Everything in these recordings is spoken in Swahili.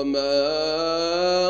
وما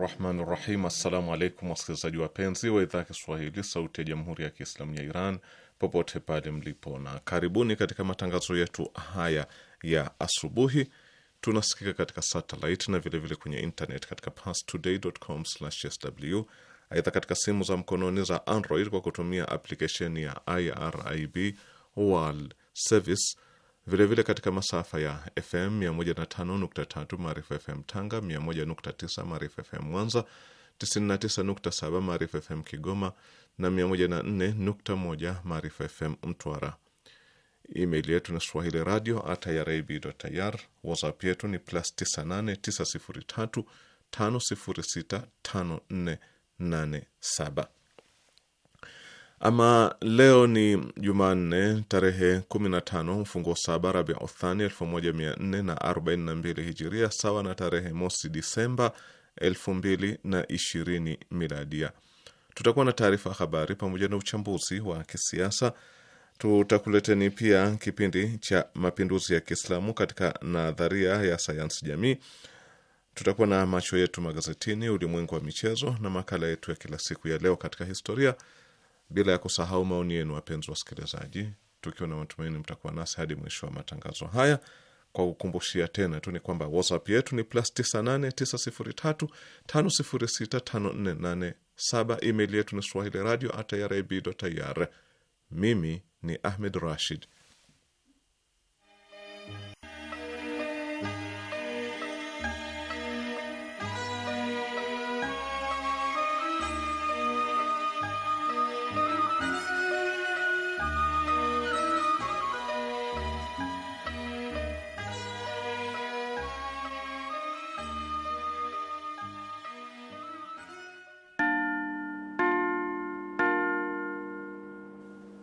rahmani rahim. Assalamu alaikum wasikilizaji wapenzi wa idhaa Kiswahili sauti ya jamhuri ya Kiislamu ya Iran popote pale mlipo, na karibuni katika matangazo yetu haya ya asubuhi. Tunasikika katika satelit na vilevile vile kwenye internet katika parstoday.com/sw. Aidha, katika simu za mkononi za Android kwa kutumia aplikesheni ya IRIB World Service Vilevile vile katika masafa ya FM 105.3 Maarifa FM Tanga, 101.9 Maarifa FM Mwanza, 99.7 Maarifa FM Kigoma na 104.1 Maarifa FM Mtwara. Email yetu ni swahili radio at WhatsApp yetu ni plus 98 903 506 5487. Ama leo ni Jumanne tarehe 15 mfungo saba Rabi Uthani 1442 hijiria sawa na tarehe mosi Disemba 2020 miladia. Tutakuwa na taarifa habari pamoja na uchambuzi wa kisiasa. Tutakuleteni pia kipindi cha mapinduzi ya Kiislamu katika nadharia ya sayansi jamii. Tutakuwa na macho yetu magazetini, ulimwengu wa michezo na makala yetu ya kila siku ya leo katika historia bila ya kusahau maoni yenu, wapenzi wasikilizaji, tukiwa na matumaini mtakuwa nasi hadi mwisho wa matangazo haya. Kwa kukumbushia tena tu ni kwamba WhatsApp yetu ni plus 989035065487. Email yetu ni swahili radio at irib.ir. Mimi ni Ahmed Rashid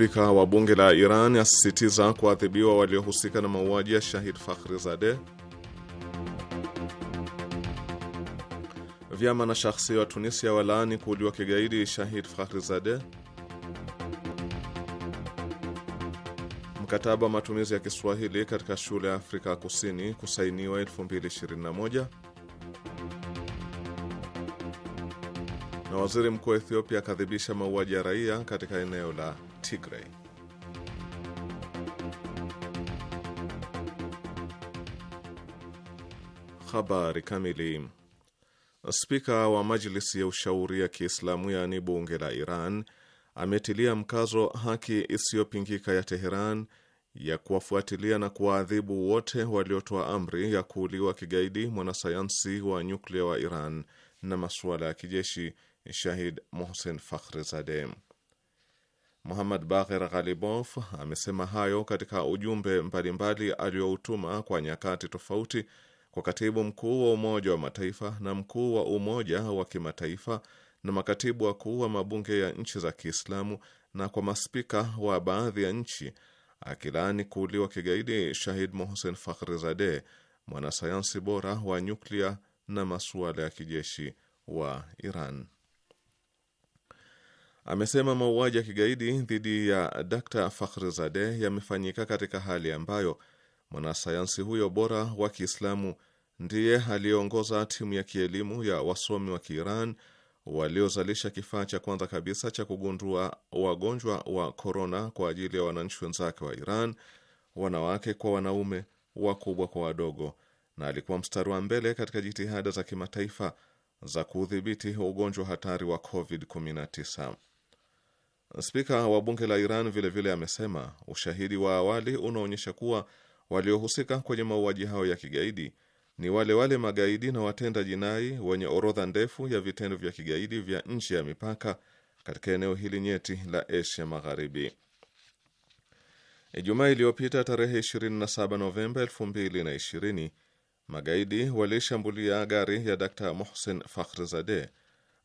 Spika wa bunge la Iran asisitiza kuadhibiwa waliohusika na mauaji ya Shahid Fakhri Zadeh. Vyama na shahsia wa Tunisia walaani kuuliwa kigaidi Shahid Fakhri Zadeh. Mkataba wa matumizi ya Kiswahili katika shule ya Afrika Kusini kusainiwa 2021 na waziri mkuu wa Ethiopia akadhibisha mauaji ya raia katika eneo la ትግራይ habari kamili. Spika wa Majlisi ya Ushauri ya Kiislamu yaani bunge la Iran ametilia mkazo haki isiyopingika ya Teheran ya kuwafuatilia na kuwaadhibu wote waliotoa amri ya kuuliwa kigaidi mwanasayansi wa nyuklia wa Iran na masuala ya kijeshi Shahid Mohsen Fakhrizadeh. Muhammad Bagher Ghalibof amesema hayo katika ujumbe mbalimbali alioutuma kwa nyakati tofauti kwa katibu mkuu wa Umoja wa Mataifa na mkuu wa Umoja wa Kimataifa na makatibu wakuu wa mabunge ya nchi za Kiislamu na kwa maspika wa baadhi ya nchi akilaani kuuliwa kigaidi Shahid Mohsen Fakhrizadeh, mwanasayansi bora wa nyuklia na masuala ya kijeshi wa Iran amesema mauaji ya kigaidi dhidi ya Dr zade yamefanyika katika hali ambayo mwanasayansi huyo bora wa Kiislamu ndiye aliyeongoza timu ya kielimu ya wasomi wa Kiiran waliozalisha kifaa cha kwanza kabisa cha kugundua wagonjwa wa korona kwa ajili ya wananchi wenzake wa Iran, wanawake kwa wanaume, wakubwa kwa wadogo, na alikuwa mstari wa mbele katika jitihada za kimataifa za kuudhibiti ugonjwa hatari wa COVID-19. Spika wa bunge la Iran vilevile vile amesema ushahidi wa awali unaonyesha kuwa waliohusika kwenye mauaji hayo ya kigaidi ni wale wale magaidi na watenda jinai wenye orodha ndefu ya vitendo vya kigaidi vya nchi ya mipaka katika eneo hili nyeti la Asia Magharibi. Ijumaa iliyopita tarehe 27 Novemba 2020 magaidi walishambulia gari ya Dr. Mohsen Fakhrizadeh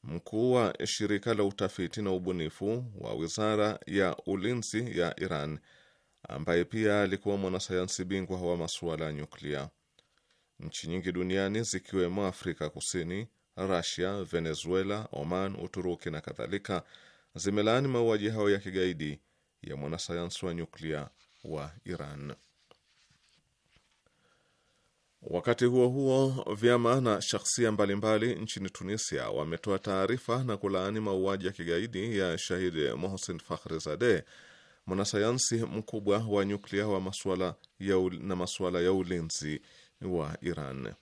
mkuu wa shirika la utafiti na ubunifu wa wizara ya ulinzi ya Iran, ambaye pia alikuwa mwanasayansi bingwa wa masuala ya nyuklia. Nchi nyingi duniani zikiwemo Afrika Kusini, Rusia, Venezuela, Oman, Uturuki na kadhalika zimelaani mauaji hayo ya kigaidi ya mwanasayansi wa nyuklia wa Iran. Wakati huo huo, vyama na shakhsia mbalimbali nchini Tunisia wametoa taarifa na kulaani mauaji ya kigaidi ya shahidi Mohsen Fakhrizadeh, mwanasayansi mkubwa wa nyuklia wa masuala ya na masuala ya ulinzi wa Iran.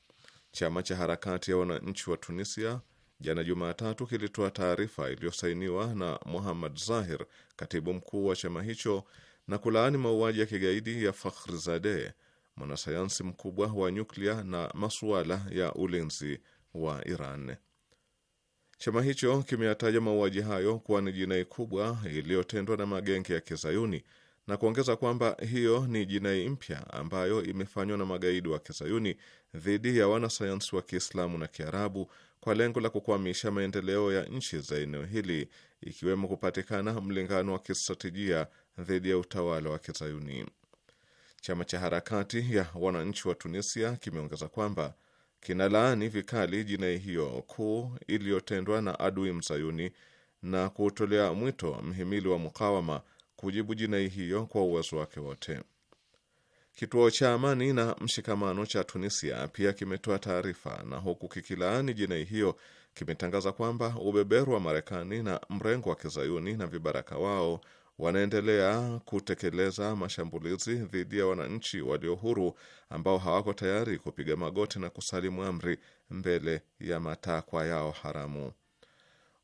Chama cha harakati ya wananchi wa Tunisia jana Jumatatu kilitoa taarifa iliyosainiwa na muhamad Zahir, katibu mkuu wa chama hicho, na kulaani mauaji ya kigaidi ya Fakhrizadeh mwanasayansi mkubwa wa nyuklia na masuala ya ulinzi wa Iran. Chama hicho kimeyataja mauaji hayo kuwa ni jinai kubwa iliyotendwa na magenge ya kizayuni na kuongeza kwamba hiyo ni jinai mpya ambayo imefanywa na magaidi wa kizayuni dhidi ya wanasayansi wa Kiislamu na Kiarabu kwa lengo la kukwamisha maendeleo ya nchi za eneo hili ikiwemo kupatikana mlingano wa kistratejia dhidi ya utawala wa kizayuni. Chama cha harakati ya wananchi wa Tunisia kimeongeza kwamba kinalaani vikali jinai hiyo kuu iliyotendwa na adui mzayuni na kutolea mwito mhimili wa mukawama kujibu jinai hiyo kwa uwezo wake wote. Kituo cha amani na mshikamano cha Tunisia pia kimetoa taarifa, na huku kikilaani jinai hiyo kimetangaza kwamba ubeberu wa Marekani na mrengo wa kizayuni na vibaraka wao wanaendelea kutekeleza mashambulizi dhidi ya wananchi walio huru ambao hawako tayari kupiga magoti na kusalimu amri mbele ya matakwa yao haramu.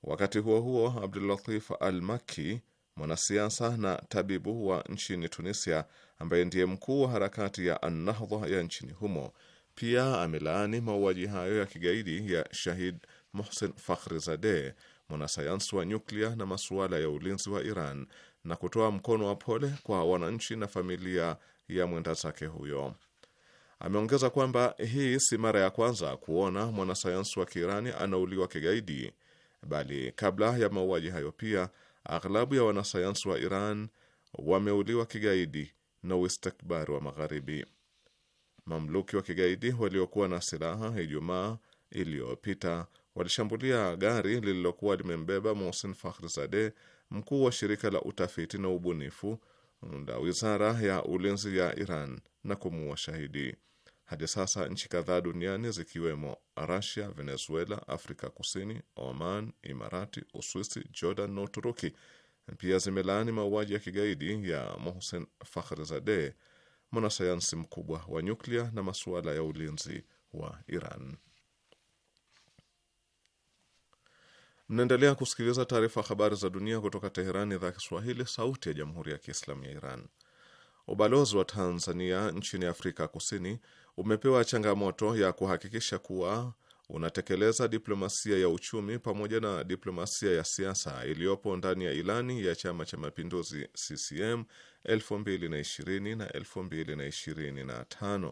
Wakati huo huo, Abdulatif Al Maki, mwanasiasa na tabibu wa nchini Tunisia, ambaye ndiye mkuu wa harakati ya Annahdha ya nchini humo, pia amelaani mauaji hayo ya kigaidi ya Shahid Mohsen Fakhrizadeh, mwanasayansi wa nyuklia na masuala ya ulinzi wa Iran na kutoa mkono wa pole kwa wananchi na familia ya mwenda zake huyo. Ameongeza kwamba hii si mara ya kwanza kuona mwanasayansi wa Kiirani anauliwa kigaidi, bali kabla ya mauaji hayo pia aghlabu ya wanasayansi wa Iran wameuliwa kigaidi na uistikbari wa Magharibi. Mamluki wa kigaidi waliokuwa na silaha Ijumaa iliyopita walishambulia gari lililokuwa limembeba Mohsen Fakhrizadeh mkuu wa shirika la utafiti na ubunifu la wizara ya ulinzi ya Iran na kumuua shahidi. Hadi sasa nchi kadhaa duniani zikiwemo rasia Venezuela, Afrika Kusini, Oman, Imarati, Uswisi, Jordan na Uturuki pia zimelaani mauaji ya kigaidi ya Mohsen Fakhrizadeh, mwanasayansi mkubwa wa nyuklia na masuala ya ulinzi wa Iran. Mnaendelea kusikiliza taarifa habari za dunia kutoka Teherani, idhaa Kiswahili, sauti ya jamhuri ya kiislamu ya Iran. Ubalozi wa Tanzania nchini Afrika Kusini umepewa changamoto ya kuhakikisha kuwa unatekeleza diplomasia ya uchumi pamoja na diplomasia ya siasa iliyopo ndani ya ilani ya Chama cha Mapinduzi CCM 2020 na 2025.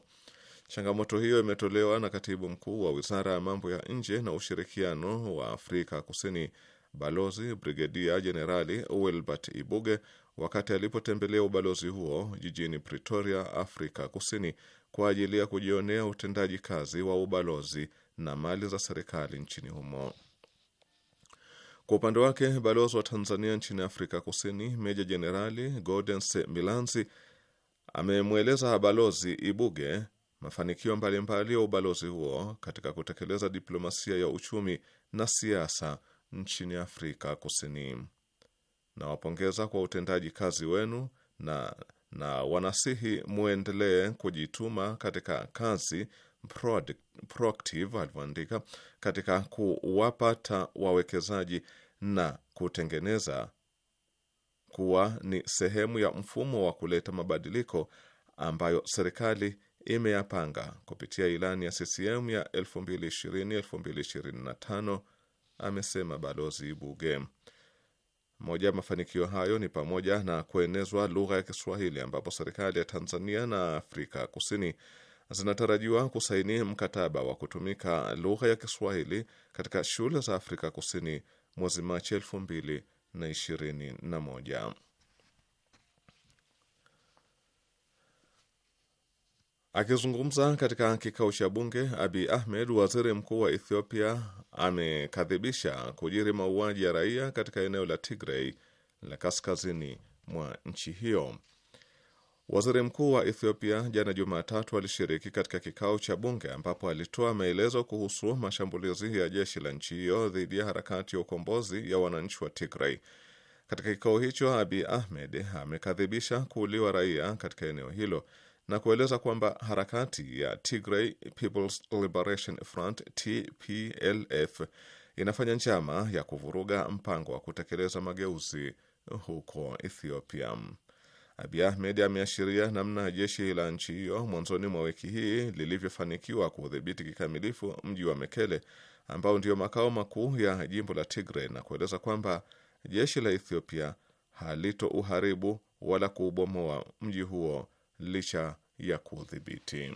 Changamoto hiyo imetolewa na katibu mkuu wa wizara ya mambo ya nje na ushirikiano wa Afrika Kusini, Balozi Brigedia Jenerali Wilbert Ibuge wakati alipotembelea ubalozi huo jijini Pretoria, Afrika Kusini, kwa ajili ya kujionea utendaji kazi wa ubalozi na mali za serikali nchini humo. Kwa upande wake, balozi wa Tanzania nchini Afrika Kusini, Meja Jenerali Gordens Milanzi, amemweleza balozi Ibuge Mafanikio mbalimbali ya ubalozi huo katika kutekeleza diplomasia ya uchumi na siasa nchini Afrika Kusini. Nawapongeza kwa utendaji kazi wenu na na wanasihi muendelee kujituma katika kazi proactive alivyoandika katika kuwapata wawekezaji na kutengeneza kuwa ni sehemu ya mfumo wa kuleta mabadiliko ambayo serikali imeyapanga kupitia ilani ya CCM ya 2020-2025, amesema Balozi Buge. Moja ya mafanikio hayo ni pamoja na kuenezwa lugha ya Kiswahili ambapo serikali ya Tanzania na Afrika Kusini zinatarajiwa kusaini mkataba wa kutumika lugha ya Kiswahili katika shule za Afrika Kusini mwezi Machi 2021. Akizungumza katika kikao cha bunge, Abi Ahmed, waziri mkuu wa Ethiopia, amekadhibisha kujiri mauaji ya raia katika eneo la Tigray la kaskazini mwa nchi hiyo. Waziri mkuu wa Ethiopia jana Jumatatu alishiriki katika kikao cha bunge ambapo alitoa maelezo kuhusu mashambulizi ya jeshi la nchi hiyo dhidi ya harakati ya ukombozi ya wananchi wa Tigray. Katika kikao hicho, Abi Ahmed amekadhibisha kuuliwa raia katika eneo hilo na kueleza kwamba harakati ya Tigray People's Liberation Front TPLF inafanya njama ya kuvuruga mpango wa kutekeleza mageuzi huko Ethiopia. Abiy Ahmed ameashiria namna jeshi la nchi hiyo mwanzoni mwa wiki hii lilivyofanikiwa kuudhibiti kikamilifu mji wa Mekele ambao ndio makao makuu ya jimbo la Tigray na kueleza kwamba jeshi la Ethiopia halito uharibu wala kuubomoa mji huo licha ya kudhibiti.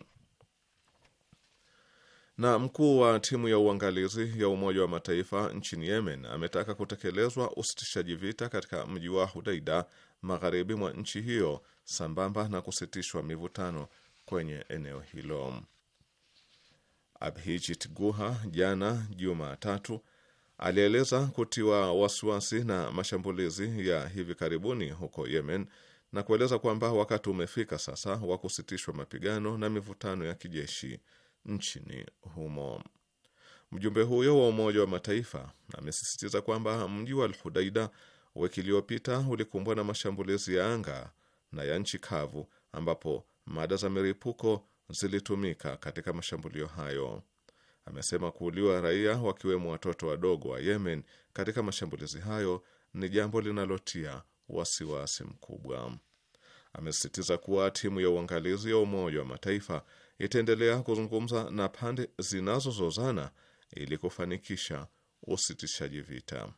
Na mkuu wa timu ya uangalizi ya Umoja wa Mataifa nchini Yemen ametaka kutekelezwa usitishaji vita katika mji wa Hudaida magharibi mwa nchi hiyo sambamba na kusitishwa mivutano kwenye eneo hilo. Abhijit Guha jana Jumatatu alieleza kutiwa wasiwasi na mashambulizi ya hivi karibuni huko Yemen na kueleza kwamba wakati umefika sasa wa kusitishwa mapigano na mivutano ya kijeshi nchini humo. Mjumbe huyo wa Umoja wa Mataifa amesisitiza kwamba mji wa Alhudaida wiki iliyopita ulikumbwa na mashambulizi ya anga na ya nchi kavu ambapo mada za milipuko zilitumika katika mashambulio hayo. Amesema kuuliwa raia wakiwemo watoto wadogo wa Yemen katika mashambulizi hayo ni jambo linalotia wasiwasi mkubwa. Amesisitiza kuwa timu ya uangalizi ya Umoja wa Mataifa itaendelea kuzungumza na pande zinazozozana ili kufanikisha usitishaji vita.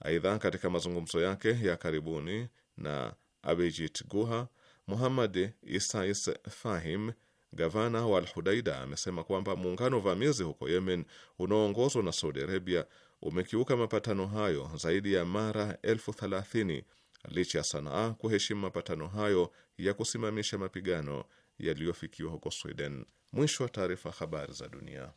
Aidha, katika mazungumzo yake ya karibuni na Abijit Guha, Muhammad Isais Fahim, gavana wa Alhudaida, amesema kwamba muungano vamizi huko Yemen unaoongozwa na Saudi Arabia umekiuka mapatano hayo zaidi ya mara elfu thelathini licha ya Sanaa kuheshimu mapatano hayo ya kusimamisha mapigano yaliyofikiwa huko Sweden. Mwisho wa taarifa. Habari za dunia.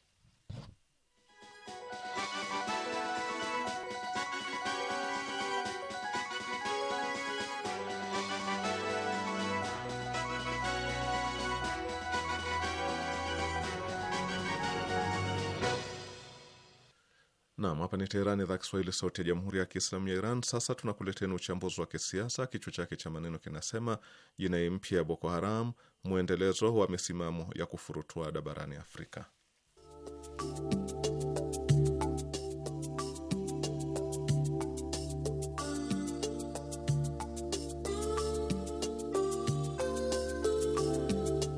Nam, hapa ni Teherani, idhaa Kiswahili, sauti ya jamhuri ya kiislamu ya Iran. Sasa tunakuleteni uchambuzi wa kisiasa, kichwa chake cha maneno kinasema jinai mpya ya Boko Haram, mwendelezo wa misimamo ya kufurutuada barani Afrika.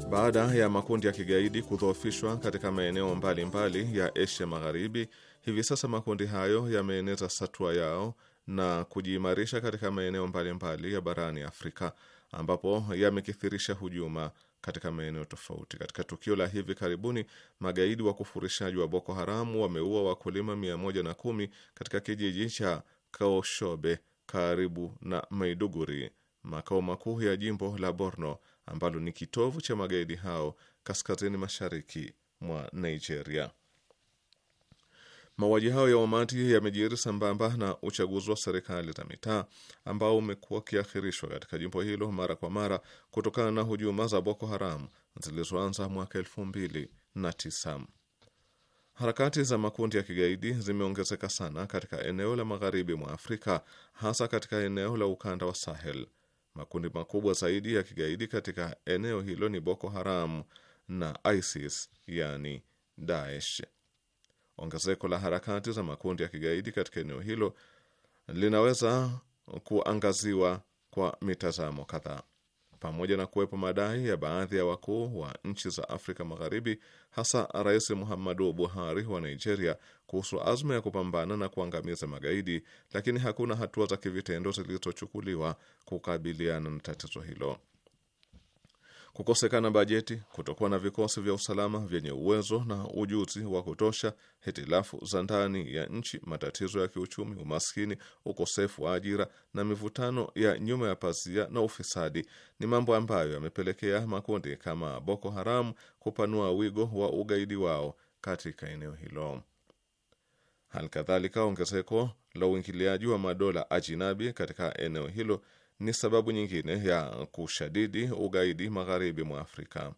Baada ya makundi ya kigaidi kudhoofishwa katika maeneo mbalimbali mbali ya Asia Magharibi Hivi sasa makundi hayo yameeneza satwa yao na kujiimarisha katika maeneo mbalimbali ya barani Afrika ambapo yamekithirisha hujuma katika maeneo tofauti. Katika tukio la hivi karibuni, magaidi wa kufurishaji wa Boko Haramu wameua wakulima kumi katika kijiji cha Kaoshobe karibu na Maiduguri, makao makuu ya jimbo la Borno ambalo ni kitovu cha magaidi hao kaskazini mashariki mwa Nigeria. Mauaji hayo ya umati yamejiri sambamba na uchaguzi wa serikali za mitaa ambao umekuwa ukiakhirishwa katika jimbo hilo mara kwa mara kutokana na hujuma za Boko Haram zilizoanza mwaka elfu mbili na tisa. Harakati za makundi ya kigaidi zimeongezeka sana katika eneo la magharibi mwa Afrika, hasa katika eneo la ukanda wa Sahel. Makundi makubwa zaidi ya kigaidi katika eneo hilo ni Boko Haram na ISIS, yani Daesh. Ongezeko la harakati za makundi ya kigaidi katika eneo hilo linaweza kuangaziwa kwa mitazamo kadhaa. Pamoja na kuwepo madai ya baadhi ya wakuu wa nchi za Afrika Magharibi, hasa Rais Muhammadu Buhari wa Nigeria, kuhusu azma ya kupambana na kuangamiza magaidi, lakini hakuna hatua za kivitendo zilizochukuliwa kukabiliana na tatizo hilo kukosekana bajeti, kutokuwa na vikosi vya usalama vyenye uwezo na ujuzi wa kutosha, hitilafu za ndani ya nchi, matatizo ya kiuchumi, umaskini, ukosefu wa ajira na mivutano ya nyuma ya pazia na ufisadi ni mambo ambayo yamepelekea makundi kama Boko Haram kupanua wigo wa ugaidi wao katika eneo hilo. Halikadhalika, ongezeko la uingiliaji wa madola ajinabi katika eneo hilo ni sababu nyingine ya kushadidi ugaidi magharibi mwa Afrika.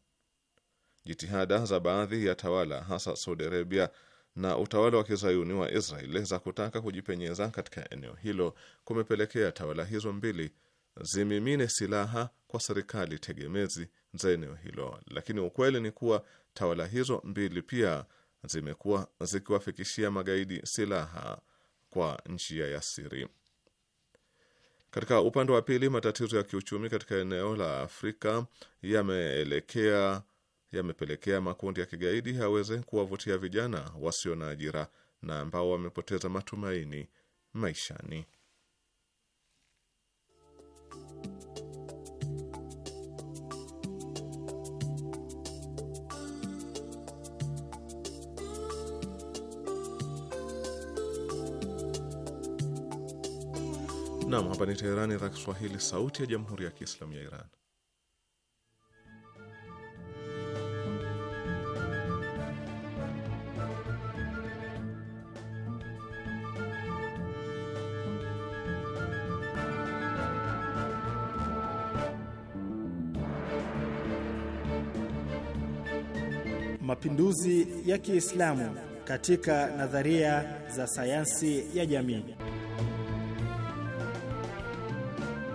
Jitihada za baadhi ya tawala hasa Saudi Arabia na utawala wa kizayuni wa israel za kutaka kujipenyeza katika eneo hilo kumepelekea tawala hizo mbili zimimine silaha kwa serikali tegemezi za eneo hilo, lakini ukweli ni kuwa tawala hizo mbili pia zimekuwa zikiwafikishia magaidi silaha kwa njia ya siri. Katika upande wa pili, matatizo ya kiuchumi katika eneo la Afrika yameelekea yamepelekea makundi ya kigaidi yaweze kuwavutia vijana wasio na ajira na ambao wamepoteza matumaini maishani. Naam, hapa ni Teherani, idhaa Kiswahili, sauti ya jamhuri ya kiislamu ya Iran. Mapinduzi ya Kiislamu katika nadharia za sayansi ya jamii.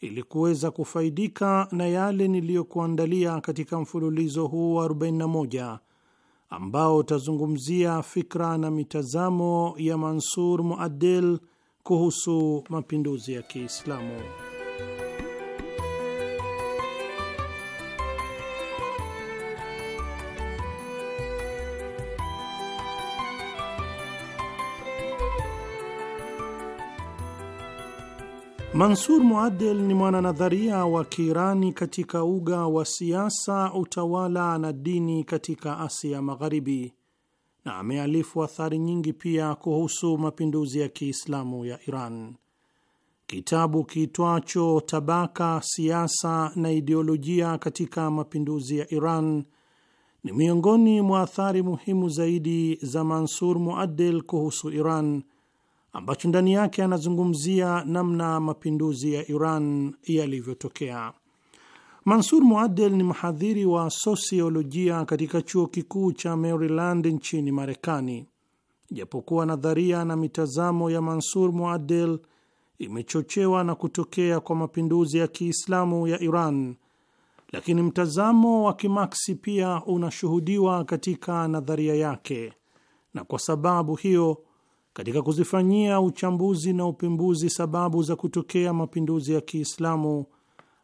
ili kuweza kufaidika na yale niliyokuandalia katika mfululizo huu wa 41 ambao utazungumzia fikra na mitazamo ya Mansur Muaddel kuhusu mapinduzi ya Kiislamu. Mansur Muadel ni mwananadharia wa Kiirani katika uga wa siasa, utawala na dini katika Asia Magharibi, na amealifu athari nyingi pia kuhusu mapinduzi ya Kiislamu ya Iran. Kitabu kiitwacho Tabaka, Siasa na Ideolojia katika Mapinduzi ya Iran ni miongoni mwa athari muhimu zaidi za Mansur Muadel kuhusu Iran ambacho ndani yake anazungumzia namna mapinduzi ya Iran yalivyotokea. Mansur Muadel ni mhadhiri wa sosiolojia katika chuo kikuu cha Maryland nchini Marekani. Japokuwa nadharia na mitazamo ya Mansur Muadel imechochewa na kutokea kwa mapinduzi ya Kiislamu ya Iran, lakini mtazamo wa Kimaksi pia unashuhudiwa katika nadharia yake, na kwa sababu hiyo katika kuzifanyia uchambuzi na upembuzi sababu za kutokea mapinduzi ya Kiislamu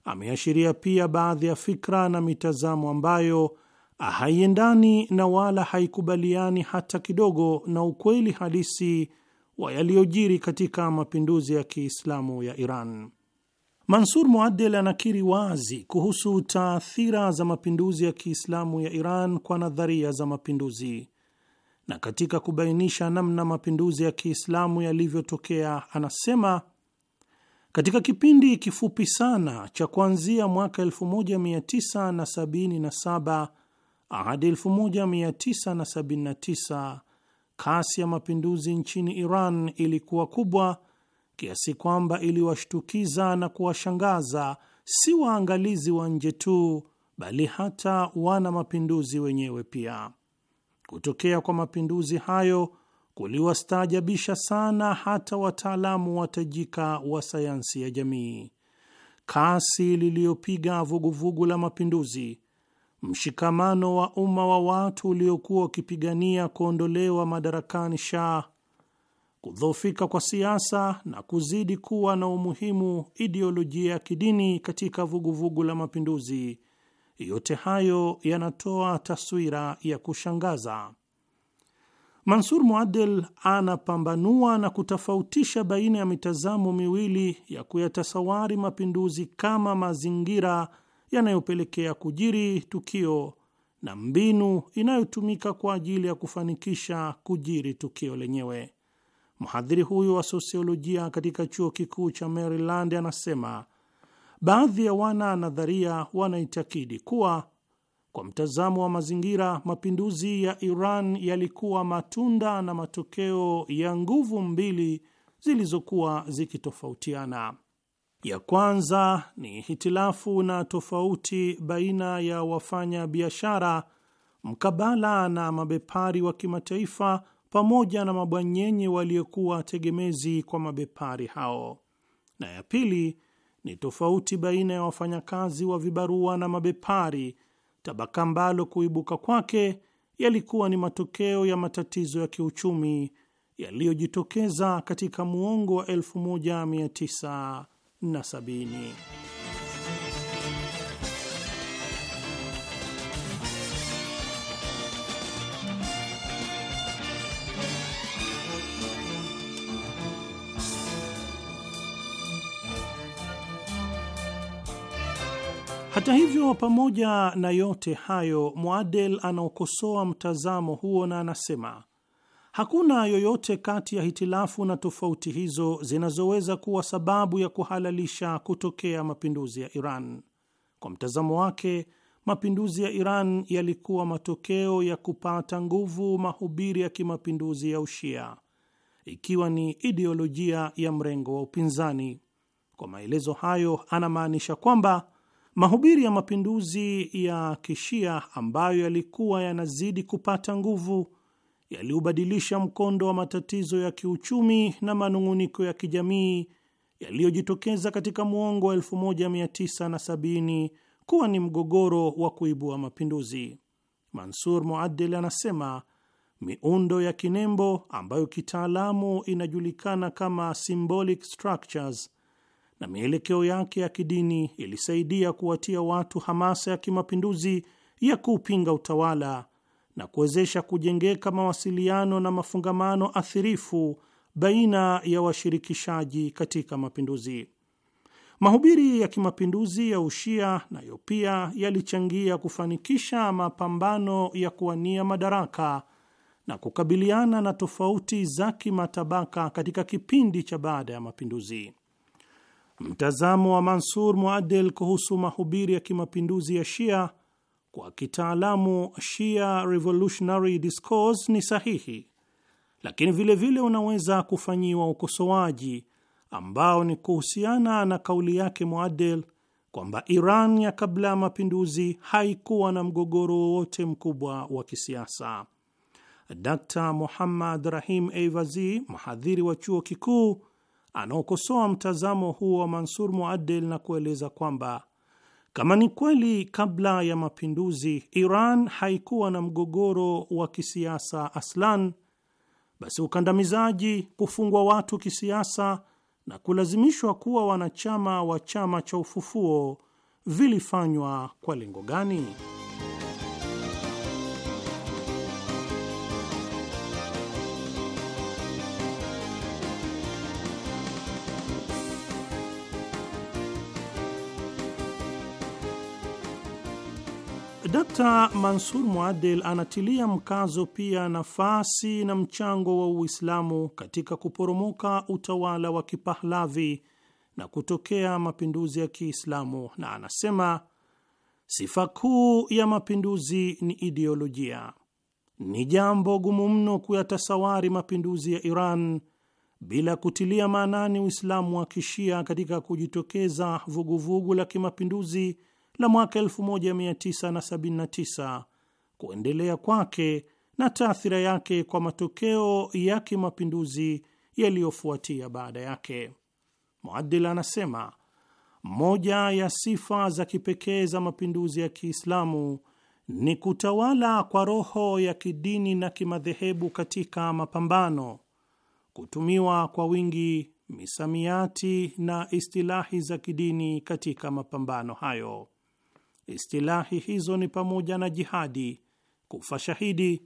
ameashiria pia baadhi ya fikra na mitazamo ambayo haiendani na wala haikubaliani hata kidogo na ukweli halisi wa yaliyojiri katika mapinduzi ya Kiislamu ya Iran. Mansur Muadel anakiri wazi kuhusu taathira za mapinduzi ya Kiislamu ya Iran kwa nadharia za mapinduzi na katika kubainisha namna mapinduzi ya Kiislamu yalivyotokea anasema, katika kipindi kifupi sana cha kuanzia mwaka 1977 hadi 1979 kasi ya mapinduzi nchini Iran ilikuwa kubwa kiasi kwamba iliwashtukiza na kuwashangaza si waangalizi wa nje tu, bali hata wana mapinduzi wenyewe pia. Kutokea kwa mapinduzi hayo kuliwastaajabisha sana hata wataalamu watajika wa sayansi ya jamii. Kasi liliyopiga vuguvugu la mapinduzi, mshikamano wa umma wa watu uliokuwa ukipigania kuondolewa madarakani Shah, kudhoofika kwa siasa na kuzidi kuwa na umuhimu ideolojia ya kidini katika vuguvugu la mapinduzi yote hayo yanatoa taswira ya kushangaza. Mansur Muadel anapambanua na kutofautisha baina ya mitazamo miwili ya kuyatasawari mapinduzi kama mazingira yanayopelekea kujiri tukio na mbinu inayotumika kwa ajili ya kufanikisha kujiri tukio lenyewe. Mhadhiri huyo wa sosiolojia katika chuo kikuu cha Maryland anasema Baadhi ya wana nadharia wanaitakidi kuwa kwa mtazamo wa mazingira, mapinduzi ya Iran yalikuwa matunda na matokeo ya nguvu mbili zilizokuwa zikitofautiana. Ya kwanza ni hitilafu na tofauti baina ya wafanya biashara mkabala na mabepari wa kimataifa pamoja na mabwanyenye waliokuwa tegemezi kwa mabepari hao, na ya pili ni tofauti baina ya wafanyakazi wa vibarua na mabepari, tabaka ambalo kuibuka kwake yalikuwa ni matokeo ya matatizo ya kiuchumi yaliyojitokeza katika muongo wa 1970. Hata hivyo, pamoja na yote hayo, Muadel anaokosoa mtazamo huo na anasema hakuna yoyote kati ya hitilafu na tofauti hizo zinazoweza kuwa sababu ya kuhalalisha kutokea mapinduzi ya Iran. Kwa mtazamo wake, mapinduzi ya Iran yalikuwa matokeo ya kupata nguvu mahubiri ya kimapinduzi ya Ushia, ikiwa ni ideolojia ya mrengo wa upinzani. Kwa maelezo hayo, anamaanisha kwamba Mahubiri ya mapinduzi ya kishia ambayo yalikuwa yanazidi kupata nguvu yaliubadilisha mkondo wa matatizo ya kiuchumi na manung'uniko ya kijamii yaliyojitokeza katika muongo wa 1970 kuwa ni mgogoro wa kuibua mapinduzi. Mansur Muaddel anasema miundo ya kinembo ambayo kitaalamu inajulikana kama symbolic structures na mielekeo yake ya kidini ilisaidia kuwatia watu hamasa ya kimapinduzi ya kuupinga utawala na kuwezesha kujengeka mawasiliano na mafungamano athirifu baina ya washirikishaji katika mapinduzi. Mahubiri ya kimapinduzi ya Ushia nayo pia yalichangia kufanikisha mapambano ya kuwania madaraka na kukabiliana na tofauti za kimatabaka katika kipindi cha baada ya mapinduzi. Mtazamo wa Mansur Muadel kuhusu mahubiri ya kimapinduzi ya Shia, kwa kitaalamu Shia Revolutionary Discourse, ni sahihi, lakini vilevile vile unaweza kufanyiwa ukosoaji ambao ni kuhusiana na kauli yake Muadel kwamba Iran ya kabla ya mapinduzi haikuwa na mgogoro wowote mkubwa wa kisiasa. Dr Muhammad Rahim Eivazi, mhadhiri wa chuo kikuu anaokosoa mtazamo huo wa Mansur Muadel na kueleza kwamba kama ni kweli kabla ya mapinduzi Iran haikuwa na mgogoro wa kisiasa aslan, basi ukandamizaji, kufungwa watu kisiasa na kulazimishwa kuwa wanachama wa chama cha ufufuo vilifanywa kwa lengo gani? Dr. Mansur Muadel anatilia mkazo pia nafasi na mchango wa Uislamu katika kuporomoka utawala wa Kipahlavi na kutokea mapinduzi ya Kiislamu, na anasema sifa kuu ya mapinduzi ni ideolojia. Ni jambo gumu mno kuyatasawari mapinduzi ya Iran bila kutilia maanani Uislamu wa Kishia katika kujitokeza vuguvugu la kimapinduzi na mwaka 1979 kuendelea kwake na taathira yake kwa matokeo ya kimapinduzi yaliyofuatia baada yake. Muadil anasema moja ya sifa za kipekee za mapinduzi ya Kiislamu ni kutawala kwa roho ya kidini na kimadhehebu katika mapambano, kutumiwa kwa wingi misamiati na istilahi za kidini katika mapambano hayo. Istilahi hizo ni pamoja na jihadi, kufa shahidi,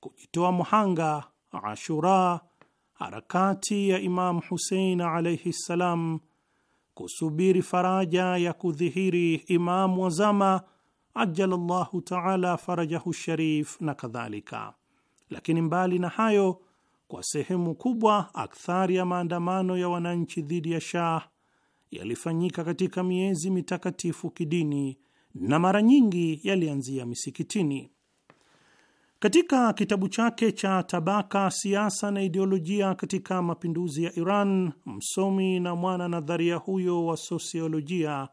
kujitoa muhanga, Ashura, harakati ya Imam Husein alaihi ssalam, kusubiri faraja ya kudhihiri Imamu wazama ajalallahu taala farajahu sharif na kadhalika. Lakini mbali na hayo, kwa sehemu kubwa, akthari ya maandamano ya wananchi dhidi ya Shah yalifanyika katika miezi mitakatifu kidini na mara nyingi yalianzia misikitini. Katika kitabu chake cha Tabaka, siasa na ideolojia katika mapinduzi ya Iran, msomi na mwana nadharia huyo wa sosiolojia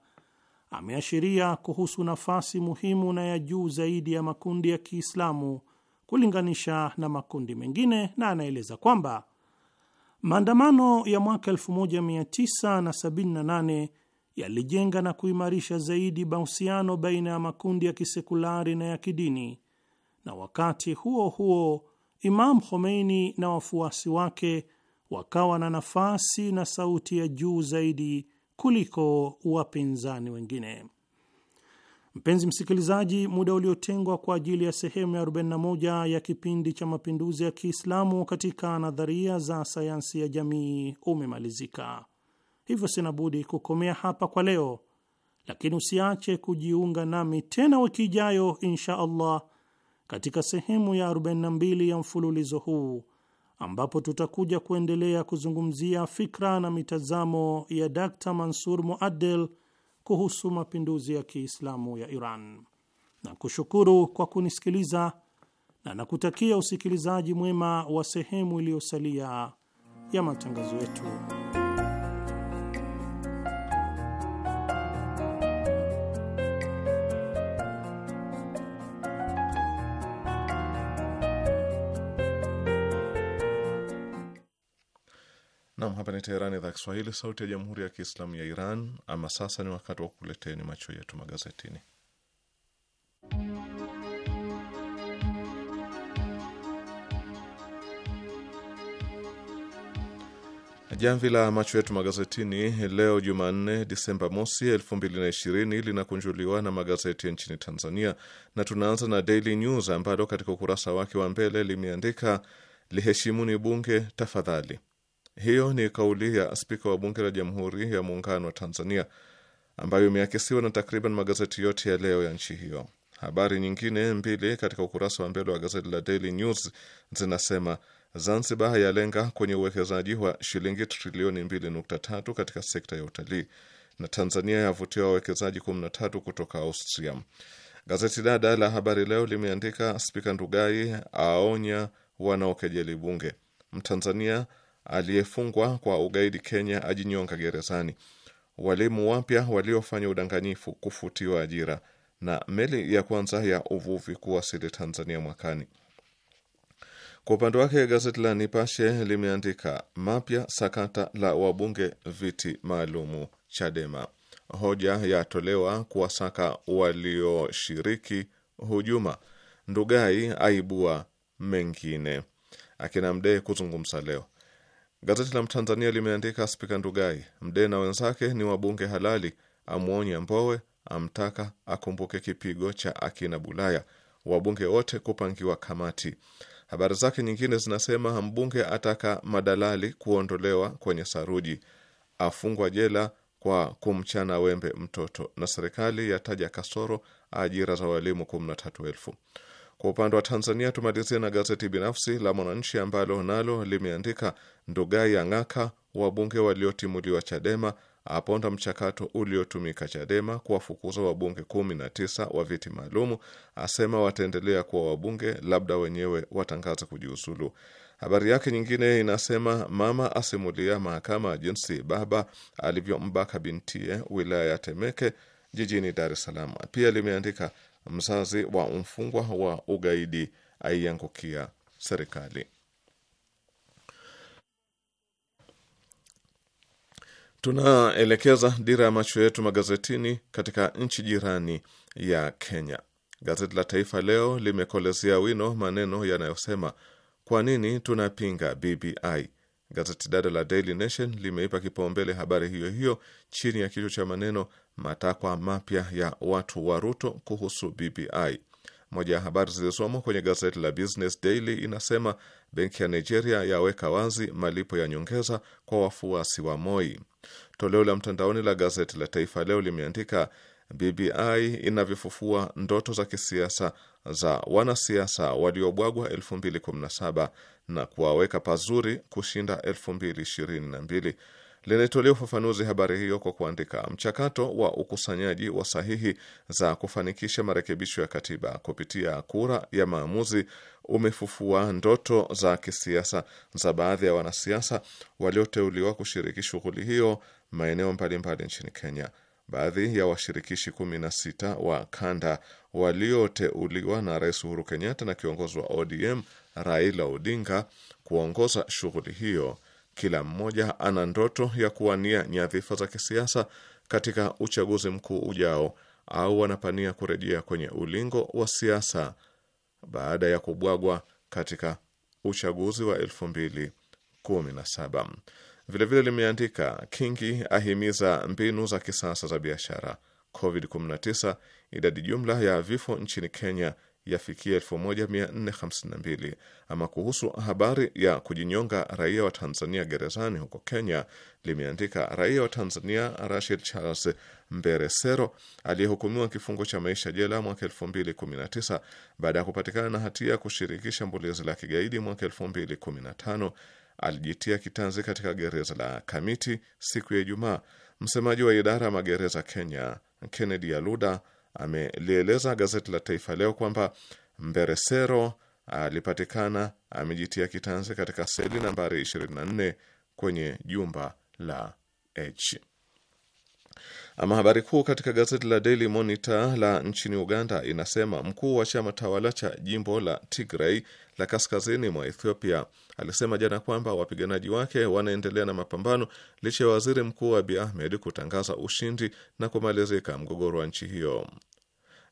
ameashiria kuhusu nafasi muhimu na ya juu zaidi ya makundi ya Kiislamu kulinganisha na makundi mengine, na anaeleza kwamba maandamano ya mwaka 1978 yalijenga na kuimarisha zaidi mahusiano baina ya makundi ya kisekulari na ya kidini, na wakati huo huo Imam Khomeini na wafuasi wake wakawa na nafasi na sauti ya juu zaidi kuliko wapinzani wengine. Mpenzi msikilizaji, muda uliotengwa kwa ajili ya sehemu ya 41 ya kipindi cha Mapinduzi ya Kiislamu katika nadharia za sayansi ya jamii umemalizika. Hivyo sina budi kukomea hapa kwa leo, lakini usiache kujiunga nami tena wiki ijayo insha Allah katika sehemu ya 42 ya mfululizo huu ambapo tutakuja kuendelea kuzungumzia fikra na mitazamo ya Dr. Mansur Muaddel kuhusu mapinduzi ya Kiislamu ya Iran. Na kushukuru kwa kunisikiliza na nakutakia usikilizaji mwema wa sehemu iliyosalia ya matangazo yetu. Teherani, idhaa Kiswahili, sauti ya jamhuri ya kiislamu ya Iran. Ama sasa ni wakati wa kukuleteni macho yetu magazetini. Jamvi la macho yetu magazetini leo Jumanne, Disemba mosi 2020 linakunjuliwa na magazeti ya nchini Tanzania, na tunaanza na Daily News ambalo katika ukurasa wake wa mbele limeandika liheshimuni bunge tafadhali. Hiyo ni kauli ya spika wa bunge la Jamhuri ya Muungano wa Tanzania ambayo imeakisiwa na takriban magazeti yote ya leo ya nchi hiyo. Habari nyingine mbili katika ukurasa wa mbele wa gazeti la Daily News zinasema Zanzibar yalenga kwenye uwekezaji wa shilingi trilioni 2.3 katika sekta ya utalii na Tanzania yavutia wawekezaji 13 kutoka Austria. Gazeti dada la Habari Leo limeandika spika Ndugai aonya wanaokejeli bunge, Mtanzania aliyefungwa kwa ugaidi Kenya ajinyonga gerezani, walimu wapya waliofanya udanganyifu kufutiwa ajira, na meli ya kwanza ya uvuvi kuwasili Tanzania mwakani. Kwa upande wake gazeti la Nipashe limeandika mapya sakata la wabunge viti maalumu Chadema, hoja yatolewa kuwasaka walioshiriki hujuma, Ndugai aibua mengine, akina Mdee kuzungumza leo. Gazeti la Mtanzania limeandika Spika Ndugai, Mdee na wenzake ni wabunge halali, amwonye Mbowe, amtaka akumbuke kipigo cha akina Bulaya, wabunge wote kupangiwa kamati. Habari zake nyingine zinasema mbunge ataka madalali kuondolewa kwenye saruji, afungwa jela kwa kumchana wembe mtoto, na serikali yataja kasoro ajira za walimu 1 kumi na tatu. Kwa upande wa Tanzania, tumalizie na gazeti binafsi la Mwananchi ambalo nalo limeandika Ndugai ang'aka wabunge waliotimuliwa Chadema aponda mchakato uliotumika Chadema kuwafukuza wabunge 19 wa viti maalumu, asema wataendelea kuwa wabunge, labda wenyewe watangaza kujiuzulu. Habari yake nyingine inasema mama asimulia mahakama jinsi baba alivyombaka bintie wilaya ya Temeke jijini Dar es Salaam. Pia limeandika mzazi wa mfungwa wa ugaidi aiangukia serikali. Tunaelekeza dira ya macho yetu magazetini katika nchi jirani ya Kenya. Gazeti la Taifa Leo limekolezea wino maneno yanayosema kwa nini tunapinga BBI. Gazeti dada la Daily Nation limeipa kipaumbele habari hiyo hiyo chini ya kichwa cha maneno matakwa mapya ya watu wa Ruto kuhusu BBI. Moja ya habari zilizomo kwenye gazeti la Business Daily inasema benki ya Nigeria yaweka wazi malipo ya nyongeza kwa wafuasi wa Moi. Toleo la mtandaoni la gazeti la Taifa Leo limeandika BBI inavyofufua ndoto za kisiasa za wanasiasa waliobwagwa 2017 na kuwaweka pazuri kushinda 2022 lilitolea ufafanuzi habari hiyo kwa kuandika, mchakato wa ukusanyaji wa sahihi za kufanikisha marekebisho ya katiba kupitia kura ya maamuzi umefufua ndoto za kisiasa za baadhi ya wanasiasa walioteuliwa kushiriki shughuli hiyo maeneo mbalimbali nchini Kenya. Baadhi ya washirikishi kumi na sita wa kanda walioteuliwa na Rais Uhuru Kenyatta na kiongozi wa ODM Raila Odinga kuongoza shughuli hiyo kila mmoja ana ndoto ya kuwania nyadhifa za kisiasa katika uchaguzi mkuu ujao au wanapania kurejea kwenye ulingo wa siasa baada ya kubwagwa katika uchaguzi wa 2017. Vilevile limeandika Kingi ahimiza mbinu za kisasa za biashara. COVID-19, idadi jumla ya vifo nchini Kenya yafikia 1452. Ama kuhusu habari ya kujinyonga raia wa Tanzania gerezani huko Kenya, limeandika raia wa Tanzania Rashid Charles Mberesero aliyehukumiwa kifungo cha maisha jela mwaka 2019 baada ya kupatikana na hatia ya kushiriki shambulizi la kigaidi mwaka 2015 alijitia kitanzi katika gereza la Kamiti siku ya Ijumaa. Msemaji wa idara ya magereza Kenya Kennedy Aluda amelieleza gazeti la Taifa Leo kwamba Mberesero alipatikana ah, amejitia kitanzi katika seli nambari 24 kwenye jumba la H. Ama habari kuu katika gazeti la Daily Monitor la nchini Uganda inasema mkuu wa chama tawala cha jimbo la Tigray la kaskazini mwa Ethiopia alisema jana kwamba wapiganaji wake wanaendelea na mapambano licha ya waziri mkuu Abiy Ahmed kutangaza ushindi na kumalizika mgogoro wa nchi hiyo.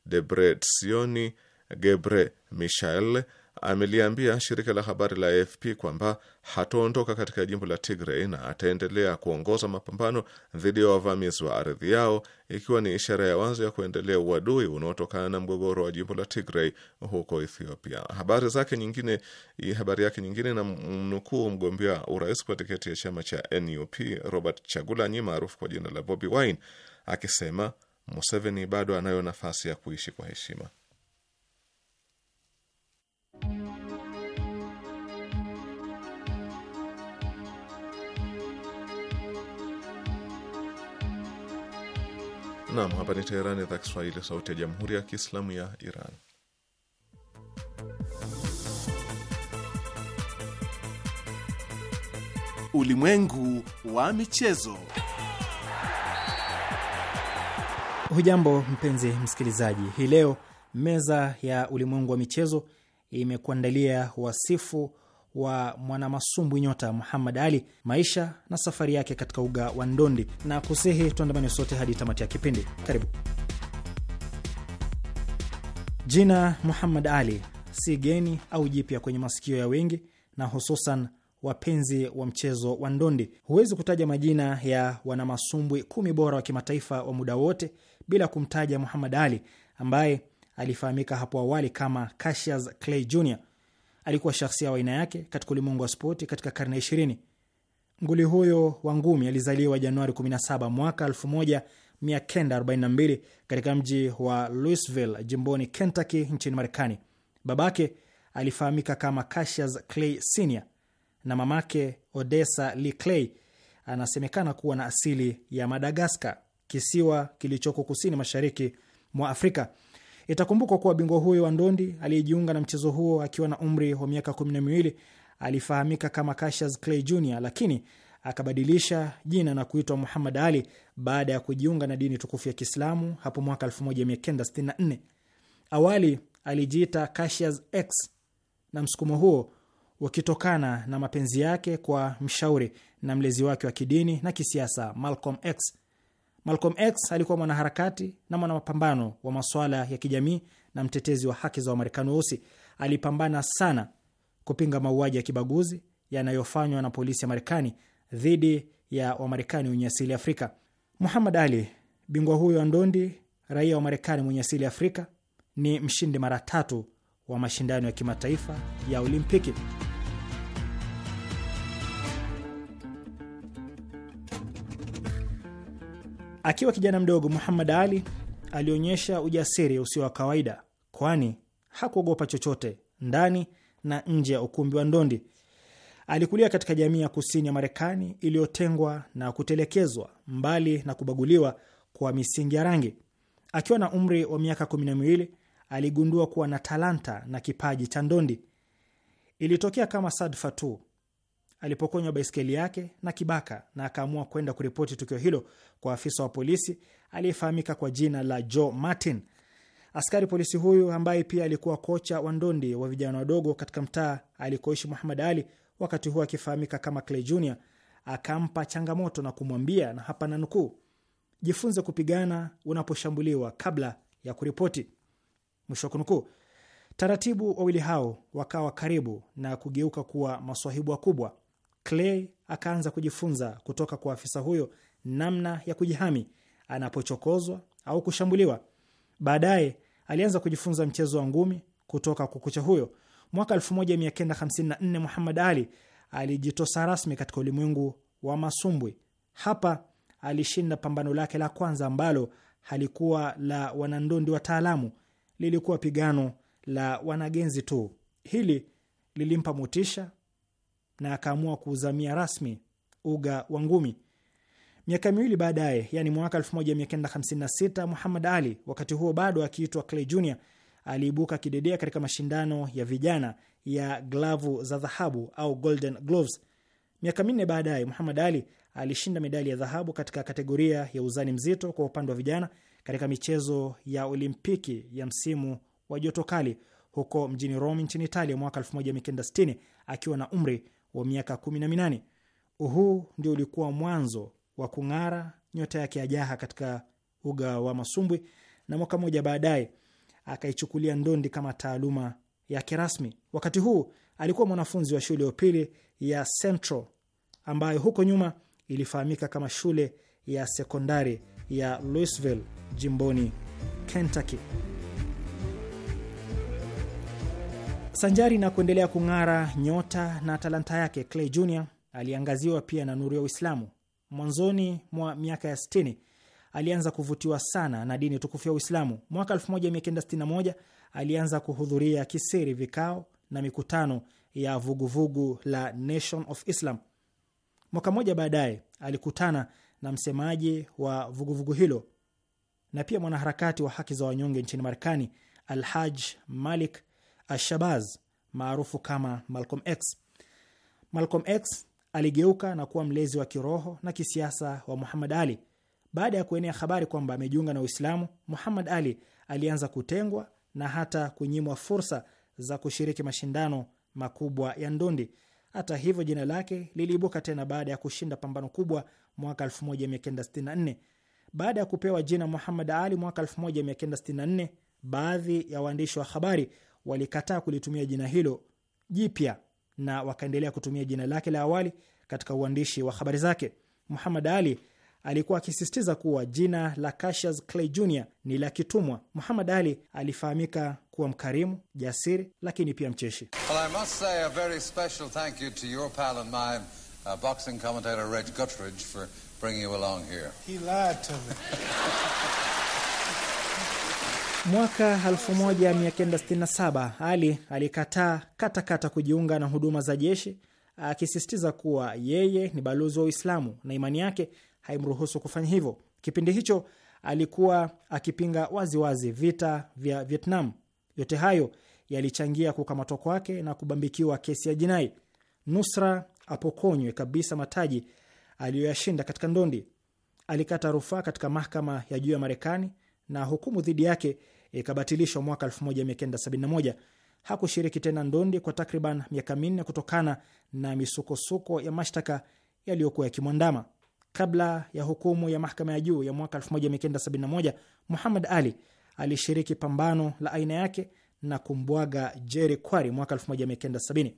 Debretsioni Gebre Michael ameliambia shirika la habari la AFP kwamba hataondoka katika jimbo la Tigray na ataendelea kuongoza mapambano dhidi ya wavamizi wa ardhi yao, ikiwa ni ishara ya wazi ya kuendelea uadui unaotokana na mgogoro wa jimbo la Tigray huko Ethiopia. Habari zake nyingine, habari yake nyingine na mnukuu mgombea urais kwa tiketi ya chama cha NUP Robert Chagulanyi maarufu kwa jina la Bobi Wine akisema Museveni bado anayo nafasi ya kuishi kwa heshima. Naam, hapa ni Teherani, idhaa Kiswahili, sauti ya jamhuri ya kiislamu ya Iran. Ulimwengu wa michezo. Hujambo mpenzi msikilizaji, hii leo meza ya ulimwengu wa michezo imekuandalia wasifu wa mwanamasumbwi nyota Muhammad Ali, maisha na safari yake katika uga wa ndondi, na kusihi tuandamane sote hadi tamati ya kipindi. Karibu. Jina Muhammad Ali si geni au jipya kwenye masikio ya wengi na hususan wapenzi wa mchezo wa ndondi. Huwezi kutaja majina ya wanamasumbwi kumi bora wa kimataifa wa muda wote bila kumtaja Muhammad Ali ambaye alifahamika hapo awali kama Cassius Clay Jr alikuwa shahsia wa aina yake katika ulimwengu wa spoti katika karne ya 20. Nguli huyo wa ngumi alizaliwa Januari 17 mwaka 1942 katika mji wa Louisville jimboni Kentucky nchini Marekani. Babake alifahamika kama Cassius Clay Sr na mamake Odessa Lee Clay anasemekana kuwa na asili ya Madagaskar, kisiwa kilichoko kusini mashariki mwa Afrika. Itakumbukwa kuwa bingwa huyo wa ndondi aliyejiunga na mchezo huo akiwa na umri wa miaka kumi na miwili alifahamika kama Cassius Clay Jr, lakini akabadilisha jina na kuitwa Muhammad Ali baada ya kujiunga na dini tukufu ya Kiislamu hapo mwaka 1964. Awali alijiita Cassius X, na msukumo huo ukitokana na mapenzi yake kwa mshauri na mlezi wake wa kidini na kisiasa Malcolm X. Malcolm X alikuwa mwanaharakati na mwanamapambano wa masuala ya kijamii na mtetezi wa haki za Wamarekani weusi. Alipambana sana kupinga mauaji ya kibaguzi yanayofanywa na polisi ya Marekani dhidi ya Wamarekani wenye asili Afrika. Muhammad Ali, bingwa huyo wa ndondi, raia wa Marekani mwenye asili Afrika, ni mshindi mara tatu wa mashindano ya kimataifa ya Olimpiki. Akiwa kijana mdogo, Muhammad Ali alionyesha ujasiri usio wa kawaida, kwani hakuogopa chochote ndani na nje ya ukumbi wa ndondi. Alikulia katika jamii ya kusini ya Marekani iliyotengwa na kutelekezwa mbali na kubaguliwa kwa misingi ya rangi. Akiwa na umri wa miaka kumi na miwili aligundua kuwa na talanta na kipaji cha ndondi. Ilitokea kama sadfa tu alipokonywa baiskeli yake na kibaka na akaamua kwenda kuripoti tukio hilo kwa afisa wa polisi aliyefahamika kwa jina la Joe Martin. Askari polisi huyu ambaye pia alikuwa kocha wa ndondi wa vijana wadogo katika mtaa alikoishi Muhammad Ali, wakati huo akifahamika kama Clay Jr, akampa changamoto na kumwambia, na hapa na nukuu, jifunze kupigana unaposhambuliwa kabla ya kuripoti, mwisho wa kunukuu. Taratibu wawili hao wakawa karibu na kugeuka kuwa maswahibu wakubwa. Clay akaanza kujifunza kutoka kwa afisa huyo namna ya kujihami anapochokozwa au kushambuliwa. Baadaye alianza kujifunza mchezo wa ngumi kutoka kwa kocha huyo. Mwaka 1954 Muhammad Ali alijitosa rasmi katika ulimwengu wa masumbwi. Hapa alishinda pambano lake la kwanza ambalo halikuwa la wanandondi wataalamu, lilikuwa pigano la wanagenzi tu. Hili lilimpa motisha na akaamua kuuzamia rasmi uga wa ngumi. Miaka miwili baadaye, yani mwaka 1956, Muhammad Ali, wakati huo bado akiitwa Clay Jr, aliibuka kidedea katika mashindano ya vijana ya glavu za dhahabu au golden gloves. Miaka minne baadaye, Muhammad Ali alishinda medali ya dhahabu katika kategoria ya uzani mzito kwa upande wa vijana katika michezo ya Olimpiki ya msimu wa joto kali huko mjini Rome nchini Italia mwaka 1960 akiwa na umri wa miaka minane. Huu ndio ulikuwa mwanzo wa kung'ara nyota yake ya Jaha katika uga wa masumbwi, na mwaka mmoja baadaye akaichukulia ndondi kama taaluma yake rasmi. Wakati huu alikuwa mwanafunzi wa shule ya upili ya Central ambayo huko nyuma ilifahamika kama shule ya sekondari ya Louisville jimboni Kentucky. Sanjari na kuendelea kung'ara nyota na talanta yake, Clay Jr aliangaziwa pia na nuru ya Uislamu. Mwanzoni mwa miaka ya 60 alianza kuvutiwa sana na dini tukufu ya Uislamu. Mwaka 1961 alianza kuhudhuria kisiri vikao na mikutano ya vuguvugu vugu la Nation of Islam. Mwaka mmoja baadaye alikutana na msemaji wa vuguvugu vugu hilo na pia mwanaharakati wa haki za wanyonge nchini Marekani, Alhaj Malik Ashabaz maarufu kama Malcolm X. Malcolm X aligeuka na kuwa mlezi wa kiroho na kisiasa wa Muhammad Ali. Baada ya kuenea habari kwamba amejiunga na Uislamu, Muhammad Ali alianza kutengwa na hata kunyimwa fursa za kushiriki mashindano makubwa ya ndondi. Hata hivyo, jina lake liliibuka tena baada ya kushinda pambano kubwa mwaka 1964. Baada ya kupewa jina Muhammad Ali mwaka 1964, baadhi ya waandishi wa habari walikataa kulitumia jina hilo jipya na wakaendelea kutumia jina lake la awali katika uandishi wa habari zake. Muhammad Ali alikuwa akisisitiza kuwa jina la Cassius Clay Jr ni la kitumwa. Muhammad Ali alifahamika kuwa mkarimu, jasiri, lakini pia mcheshi. Well, Mwaka 1967 Ali alikataa katakata kujiunga na huduma za jeshi, akisisitiza kuwa yeye ni balozi wa Uislamu na imani yake haimruhusu kufanya hivyo. Kipindi hicho alikuwa akipinga waziwazi wazi vita vya Vietnam. Yote hayo yalichangia kukamatwa kwake na kubambikiwa kesi ya jinai. Nusra apokonywe kabisa mataji aliyoyashinda katika ndondi. Alikata rufaa katika mahakama ya juu ya Marekani na hukumu dhidi yake ikabatilishwa mwaka 1971. Hakushiriki tena ndondi kwa takriban miaka minne kutokana na misukosuko ya mashtaka yaliyokuwa yakimwandama. Kabla ya hukumu ya mahakama ya juu ya mwaka 1971, Muhammad Ali alishiriki pambano la aina yake na kumbwaga Jerry Kwari mwaka 1970.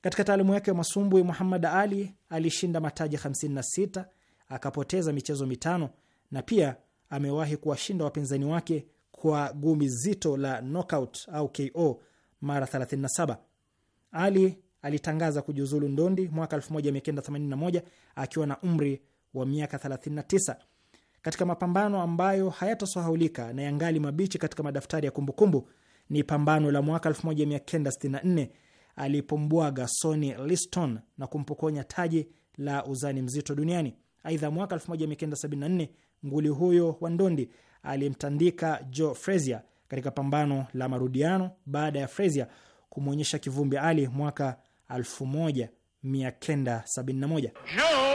Katika taalimu yake ya masumbwi, Muhammad Ali alishinda mataji 56, akapoteza michezo mitano na pia amewahi kuwashinda wapinzani wake kwa gumi zito la knockout au KO mara 37. Ali alitangaza kujiuzulu ndondi mwaka 1981 akiwa na umri wa miaka 39, katika mapambano ambayo hayatasahaulika na yangali mabichi katika madaftari ya kumbukumbu kumbu, ni pambano la mwaka 1964 alipombwaga Sonny Liston na kumpokonya taji la uzani mzito duniani. Aidha, mwaka 1974 nguli huyo wa ndondi alimtandika Joe Frazier katika pambano la marudiano baada ya Frazier kumwonyesha kivumbi Ali mwaka 1971.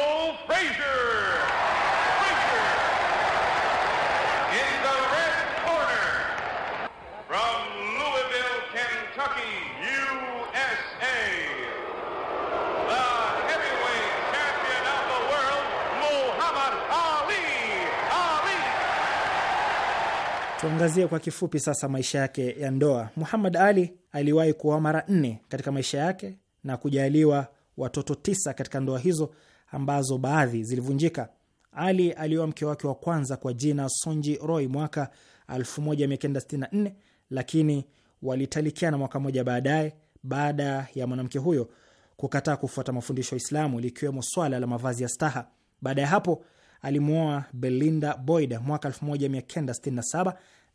Tuangazie kwa kifupi sasa maisha yake ya ndoa. Muhammad Ali aliwahi kuoa mara nne katika maisha yake na kujaliwa watoto tisa katika ndoa hizo ambazo baadhi zilivunjika. Ali alioa mke wake wa kwanza kwa jina Sonji Roy mwaka 1964 lakini walitalikiana mwaka mmoja baadaye baada ya mwanamke huyo kukataa kufuata mafundisho ya Islamu likiwemo swala la mavazi ya staha. Baada ya hapo alimwoa Belinda Boyd mwaka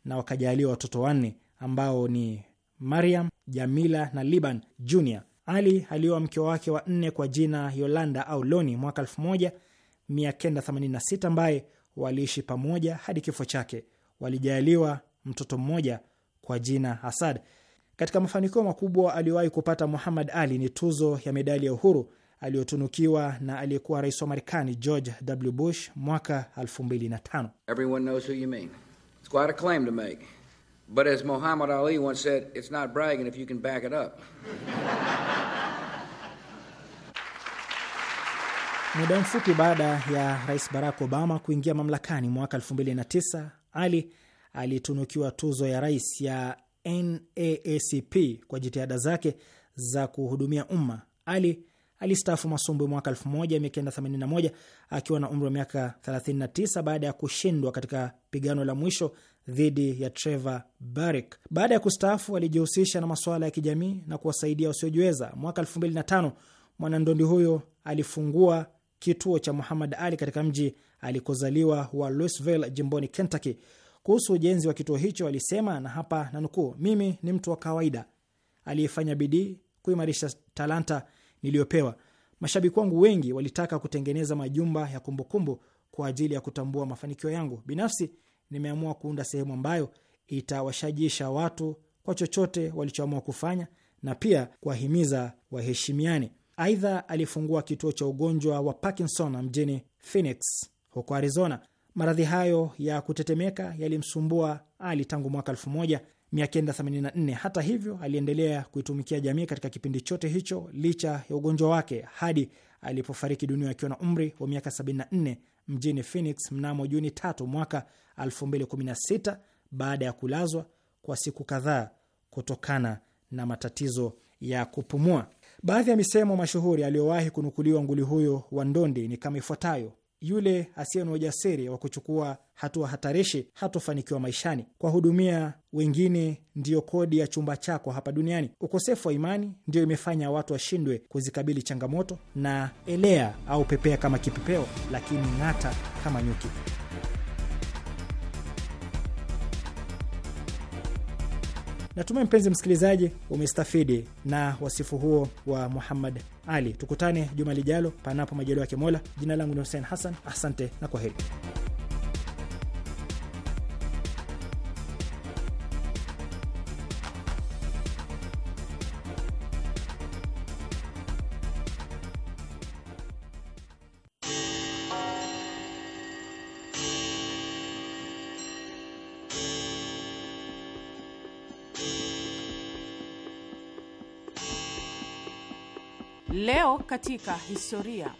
na wakajaliwa watoto wanne ambao ni Mariam, Jamila na Liban Jr. Ali alioa mke wake wa nne kwa jina Yolanda au Loni mwaka 1986 ambaye waliishi pamoja hadi kifo chake. Walijaliwa mtoto mmoja kwa jina Asad. Katika mafanikio makubwa aliyowahi kupata Muhammad Ali ni tuzo ya medali ya uhuru aliyotunukiwa na aliyekuwa rais wa Marekani George W. Bush mwaka 2005. It's quite a claim to make. But as Muhammad Ali once said, it's not bragging if you can back it up. Muda mfupi baada ya Rais Barack Obama kuingia mamlakani mwaka 2009, Ali alitunukiwa tuzo ya rais ya NAACP kwa jitihada zake za kuhudumia umma. Ali alistaafu masumbwi mwaka 1981 akiwa na umri wa miaka 39 baada ya kushindwa katika pigano la mwisho dhidi ya Trevor Barrick. Baada ya kustaafu, alijihusisha na masuala ya kijamii na kuwasaidia wasiojiweza. Mwaka 2005 mwanandondi huyo alifungua kituo cha Muhammad Ali katika mji alikozaliwa wa Louisville, jimboni Kentucky. Kuhusu ujenzi wa kituo hicho alisema, na hapa nukuu, mimi ni mtu wa kawaida aliyefanya bidii kuimarisha talanta niliyopewa. Mashabiki wangu wengi walitaka kutengeneza majumba ya kumbukumbu kwa ajili ya kutambua mafanikio yangu binafsi. Nimeamua kuunda sehemu ambayo itawashajisha watu kwa chochote walichoamua kufanya na pia kuwahimiza waheshimiane. Aidha, alifungua kituo cha ugonjwa wa Parkinson mjini Phoenix huko Arizona. Maradhi hayo ya kutetemeka yalimsumbua Ali tangu mwaka 1984. Hata hivyo, aliendelea kuitumikia jamii katika kipindi chote hicho licha ya ugonjwa wake hadi alipofariki dunia akiwa na umri wa miaka 74 mjini Phoenix mnamo Juni tatu mwaka 2016 baada ya kulazwa kwa siku kadhaa kutokana na matatizo ya kupumua. Baadhi ya misemo mashuhuri aliyowahi kunukuliwa nguli huyo wa ndondi ni kama ifuatayo: yule asiye na ujasiri wa kuchukua hatua hatarishi hatofanikiwa maishani. Kuwahudumia wengine ndiyo kodi ya chumba chako hapa duniani. Ukosefu wa imani ndiyo imefanya watu washindwe kuzikabili changamoto, na elea au pepea kama kipepeo, lakini ng'ata kama nyuki. Natumai mpenzi msikilizaji umestafidi na wasifu huo wa Muhammad Ali. Tukutane juma lijalo, panapo majaliwa yake Mola. Jina langu ni Hussein Hassan, asante na kwa heri. katika historia.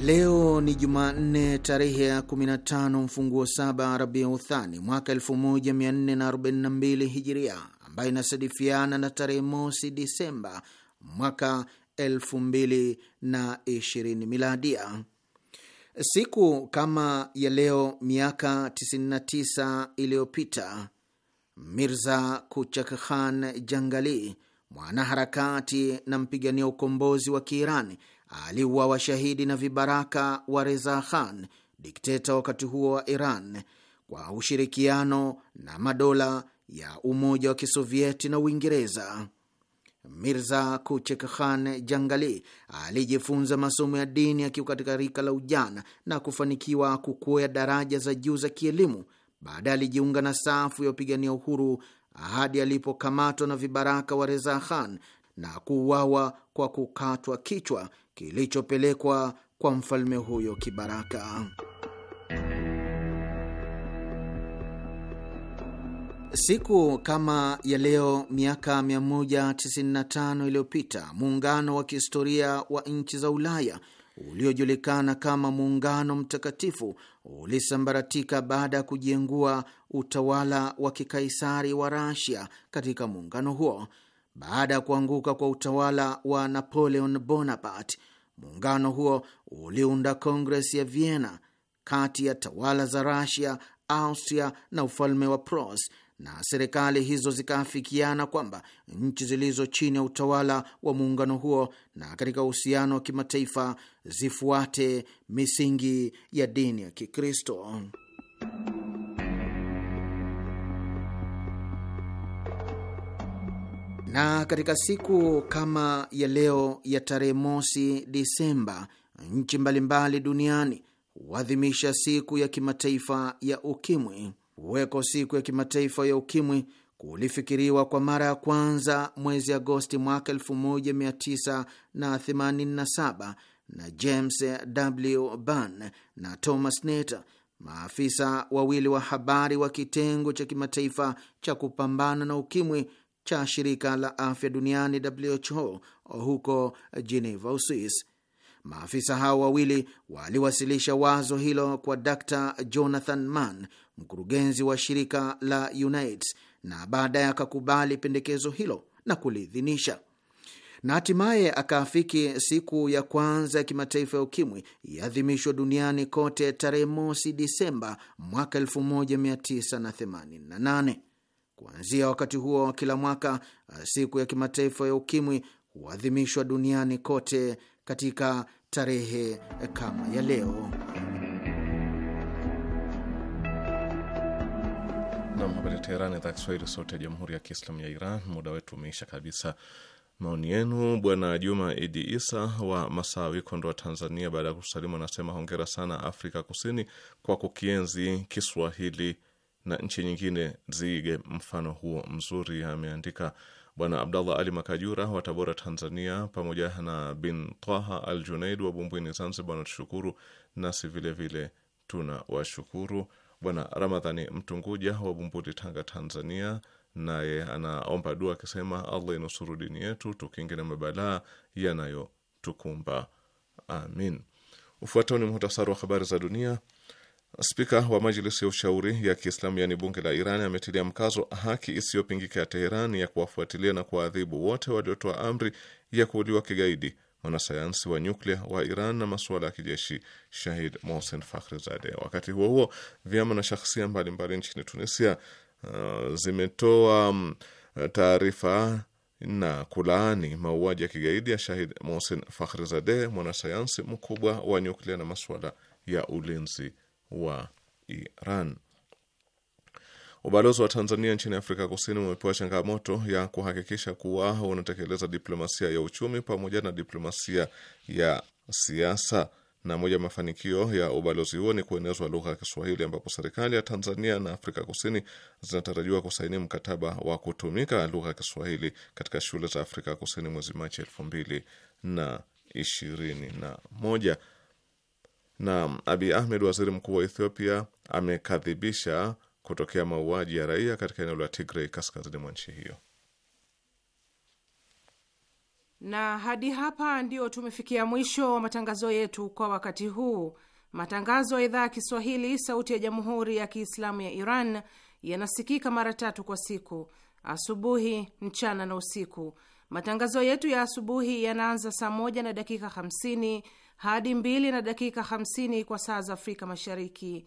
Leo ni Jumanne tarehe ya 15 mfunguo saba rabia uthani mwaka 1442 Hijiria, ambayo inasadifiana na tarehe mosi Disemba mwaka 2020 Miladia. Siku kama ya leo miaka 99 iliyopita Mirza Kuchak Khan Jangali mwanaharakati na mpigania ukombozi wa Kiirani, aliuwa washahidi na vibaraka wa Reza Khan, dikteta wakati huo wa Iran, kwa ushirikiano na madola ya Umoja wa Kisovieti na Uingereza. Mirza Kuchek Khan Jangali alijifunza masomo ya dini akiwa katika rika la ujana na kufanikiwa kukwea daraja za juu za kielimu. Baadaye alijiunga na safu ya wapigania uhuru hadi alipokamatwa na vibaraka wa Reza Khan na kuuawa kwa kukatwa kichwa kilichopelekwa kwa mfalme huyo kibaraka. Siku kama ya leo miaka 195 iliyopita muungano wa kihistoria wa nchi za Ulaya uliojulikana kama Muungano Mtakatifu ulisambaratika baada ya kujiengua utawala wa kikaisari wa Rasia katika muungano huo. Baada ya kuanguka kwa utawala wa Napoleon Bonaparte, muungano huo uliunda Kongres ya Vienna kati ya tawala za Rasia, Austria na ufalme wa Pros na serikali hizo zikaafikiana kwamba nchi zilizo chini ya utawala wa muungano huo na katika uhusiano wa kimataifa zifuate misingi ya dini ya Kikristo. Na katika siku kama ya leo ya tarehe mosi Disemba, nchi mbalimbali duniani huadhimisha siku ya kimataifa ya Ukimwi kuwekwa siku ya kimataifa ya ukimwi kulifikiriwa kwa mara ya kwanza mwezi Agosti mwaka 1987 na James W. Ban na Thomas nater maafisa wawili wa habari wa kitengo cha kimataifa cha kupambana na ukimwi cha shirika la afya duniani WHO huko Geneva, Uswis. Maafisa hao wawili waliwasilisha wazo hilo kwa Dr Jonathan Mann, mkurugenzi wa shirika la UNAIDS na baadaye akakubali pendekezo hilo na kuliidhinisha na hatimaye akaafiki siku ya kwanza ya kimataifa ya ukimwi iadhimishwa duniani kote tarehe mosi Disemba mwaka 1988. Kuanzia wakati huo wa kila mwaka siku ya kimataifa ya ukimwi huadhimishwa duniani kote katika tarehe kama ya leo. Nam, hapa ni Teherani, idhaa Kiswahili, sauti ya jamhuri ya kiislamu ya Iran. Muda wetu umeisha kabisa. Maoni yenu. Bwana Juma Idi Isa wa Masawi, Kondoa, Tanzania, baada ya kusalimu anasema hongera sana Afrika Kusini kwa kukienzi Kiswahili na nchi nyingine ziige mfano huo mzuri, ameandika Bwana Abdallah Ali Makajura wa Tabora, Tanzania, pamoja na bin Twaha Al Junaid wa Bumbwini, Zanzibar, wanatushukuru nasi vilevile tuna washukuru. Bwana Ramadhani Mtunguja wa Bumbuti, Tanga, Tanzania, naye anaomba dua akisema, Allah inusuru dini yetu, tukinge na mabalaa yanayotukumba amin. Ufuatao ni muhtasari wa habari za dunia. Spika wa Majlisi ya Ushauri ya Kiislamu yaani bunge la Iran ametilia mkazo haki isiyopingika ya teheran ya kuwafuatilia na kuwaadhibu wote waliotoa amri ya kuuliwa kigaidi mwanasayansi wa nyuklia wa Iran na masuala ya kijeshi Shahid Mohsen Fakhrizadeh. Wakati huo huo, vyama na shakhsia mbalimbali nchini Tunisia uh, zimetoa um, taarifa na kulaani mauaji ya kigaidi ya Shahid Mohsen Fakhrizadeh, mwanasayansi mkubwa wa nyuklia na masuala ya ulinzi wa Iran. Ubalozi wa Tanzania nchini Afrika Kusini umepewa changamoto ya kuhakikisha kuwa unatekeleza diplomasia ya uchumi pamoja na diplomasia ya siasa na moja mafanikio ya ubalozi huo ni kuenezwa lugha ya Kiswahili ambapo serikali ya Tanzania na Afrika Kusini zinatarajiwa kusaini mkataba wa kutumika lugha ya Kiswahili katika shule za Afrika Kusini mwezi Machi elfu mbili na ishirini na moja. Na Abi Ahmed, waziri mkuu wa Ethiopia, amekadhibisha kutokea mauaji ya raia katika eneo la Tigray kaskazini mwa nchi hiyo. Na hadi hapa ndio tumefikia mwisho wa matangazo yetu kwa wakati huu. Matangazo ya idhaa ya Kiswahili sauti ya Jamhuri ya Kiislamu ya Iran yanasikika mara tatu kwa siku: asubuhi, mchana na usiku. Matangazo yetu ya asubuhi yanaanza saa moja na dakika hamsini hadi mbili na dakika hamsini kwa saa za Afrika Mashariki